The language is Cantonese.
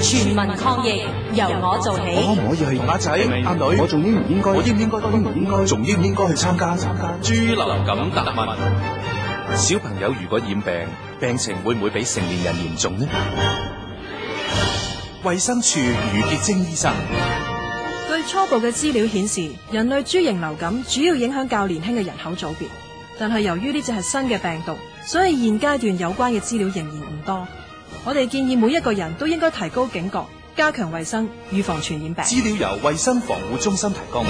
全民抗疫，由我做起。可唔可以同阿仔、阿女？我仲、啊、應唔應該？我應唔應該？應唔應該？仲應唔應該去參加豬流感答問。問，小朋友如果染病，病情會唔會比成年人嚴重呢？衛生署余潔貞醫生，據初步嘅資料顯示，人類豬型流感主要影響較年輕嘅人口組別，但係由於呢隻係新嘅病毒，所以現階段有關嘅資料仍然唔多。我哋建議每一個人都應該提高警覺，加強衛生，預防傳染病傳播。資料由衛生防護中心提供。